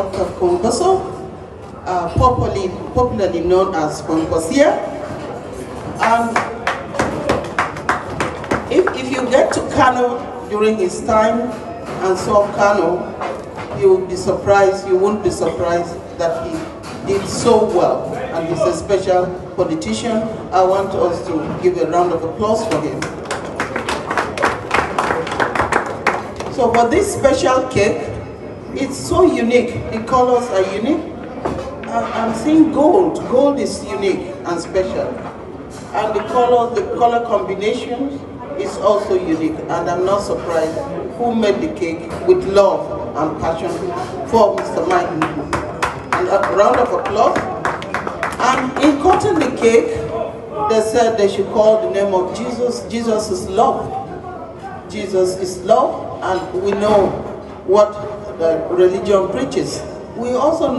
Dr. Kongoso, uh, popularly, popularly known as Kongosia. And um, if, if you get to Kano during his time and saw Kano, you will be surprised, you won't be surprised that he did so well. And he's a special politician. I want us to give a round of applause for him. So for this special cake, it's so unique. The colors are unique. I'm seeing gold. Gold is unique and special. And the colors, the color combinations is also unique. And I'm not surprised who made the cake with love and passion for Mr. Mike. And a round of applause. And in cutting the cake, they said they should call the name of Jesus. Jesus is love. Jesus is love. And we know what that religion preaches. We also know